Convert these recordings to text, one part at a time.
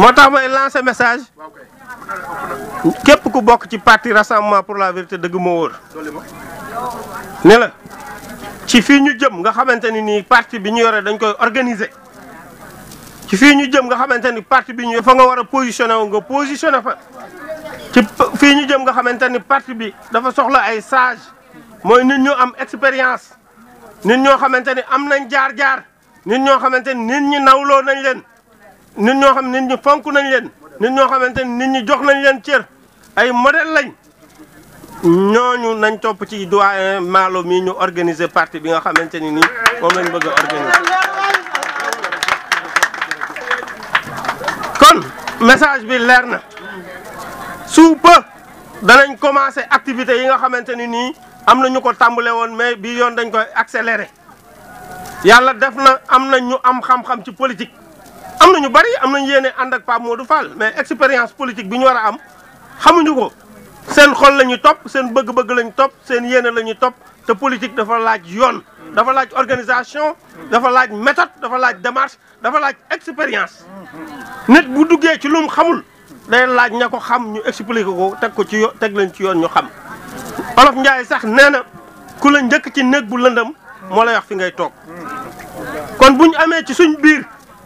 moo tax ma may lancer message képp ku bokk ci parti rassemblement pour la vérité dëgg moo wóor ne la ci fii ñu jëm nga xamante ni nii parti bi ñu yore dañ koy organiser ci fii ñu jëm nga xamante ni parti bi ñu fa nga war a positionné wu nga positionné fa ci ñu jëm nga xamante ni parti bi dafa soxla ay sage mooy nit ñu am expérience nit ñoo xamante ni am nañ jaar-jaar nit ñoo xamante ni nit ñi nawloo nañ leen nit ñoo xam nit ñi fonk nañ leen nit ñoo xamanteni nit ñi jox nañ leen cër ay model lañ ñooñu nañ topp ci doyen Malo mi ñu organiser parti bi nga xamanteni ni nii moom lañ bëgg organiser kon message bi leer na sous peu danañ commencer activité yi nga xamanteni ni nii am na ñu ko tàmbale woon mais bi yoon dañ koy accélérer yàlla def na am na ñu am xam-xam ci politique nañu bari am nañu yéene ànd ak Pape Modou Fall mais expérience politique bi ñu war a am xamuñu ko seen xol la ñuy topp seen bëgg-bëgg la ñu topp seen yéene la ñuy topp te politique dafa laaj yoon. dafa laaj organisation. dafa laaj méthode dafa laaj démarche dafa laaj expérience. nit bu duggee ci lum xamul day laaj ña ko xam ñu expliqué ko teg ko ci teg leen ci yoon ñu xam. Olof Ndiaye sax nee na ku la njëkk ci néeg bu lëndam moo lay wax fi ngay toog kon bu amee ci suñ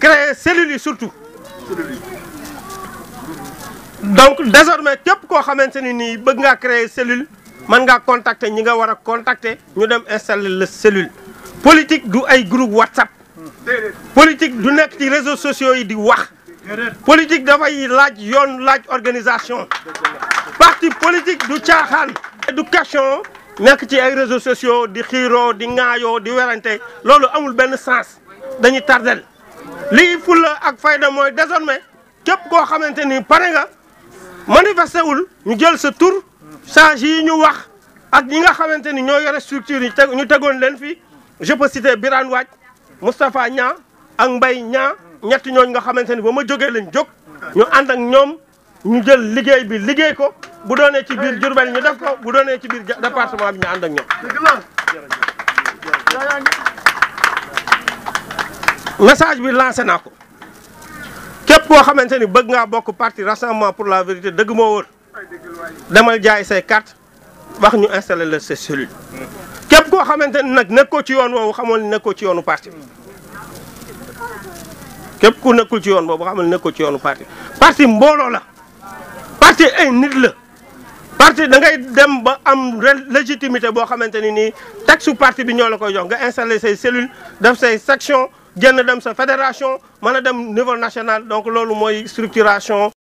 créer cellules surtout donc désormais tout ce créer cellule Man nga contacter ñi nga contacter ñu dem installer cellule politique du ay groupe WhatsApp politique du nek réseaux sociaux politique laaj organisation parti politique du éducation nek ci des réseaux sociaux di xiro, di ngaayo, di Lolu amul sens tardel li fulla ak fayda moy désormais képp koo xamanteni paré nga manifesté wul ñu jël ce tour change yi ñu wax ak ñi nga xamanteni ni yoré structure yi ñu tégon len fi je peux citer Birane wadj mustapha Niang ak mbay Niang ñet ñooñ nga xamanteni bama joggé ma jógee lañ jóg ñu and ak ñom ñu jël liggéey bi liggéey ko bu doonee ci bir djourbel ñu def ko bu doonee ci bir département bi ñu and ak ñom ñoom message bi lancé naa ko képp koo xamante ni bëgg ngaa bokk parti rassemblement pour la vérité dëgg moo wër demal jaay say carte wax ñu installé la sa cellule. képp koo xamante ni nag nekkoo ci yoon woowu xamoon nekkoo ci yoonu parti képp nekkul ci yoon boobu xamal nekkul ci yoonu parti parti mbooloo la parti ay nit la parti da ngay dem ba am légitimité boo xamante ni nii teg su parti bi ñoo la koy jox nga installé say cellule def say section génn dem sa fédération mën dem niveau national donc loolu mooy structuration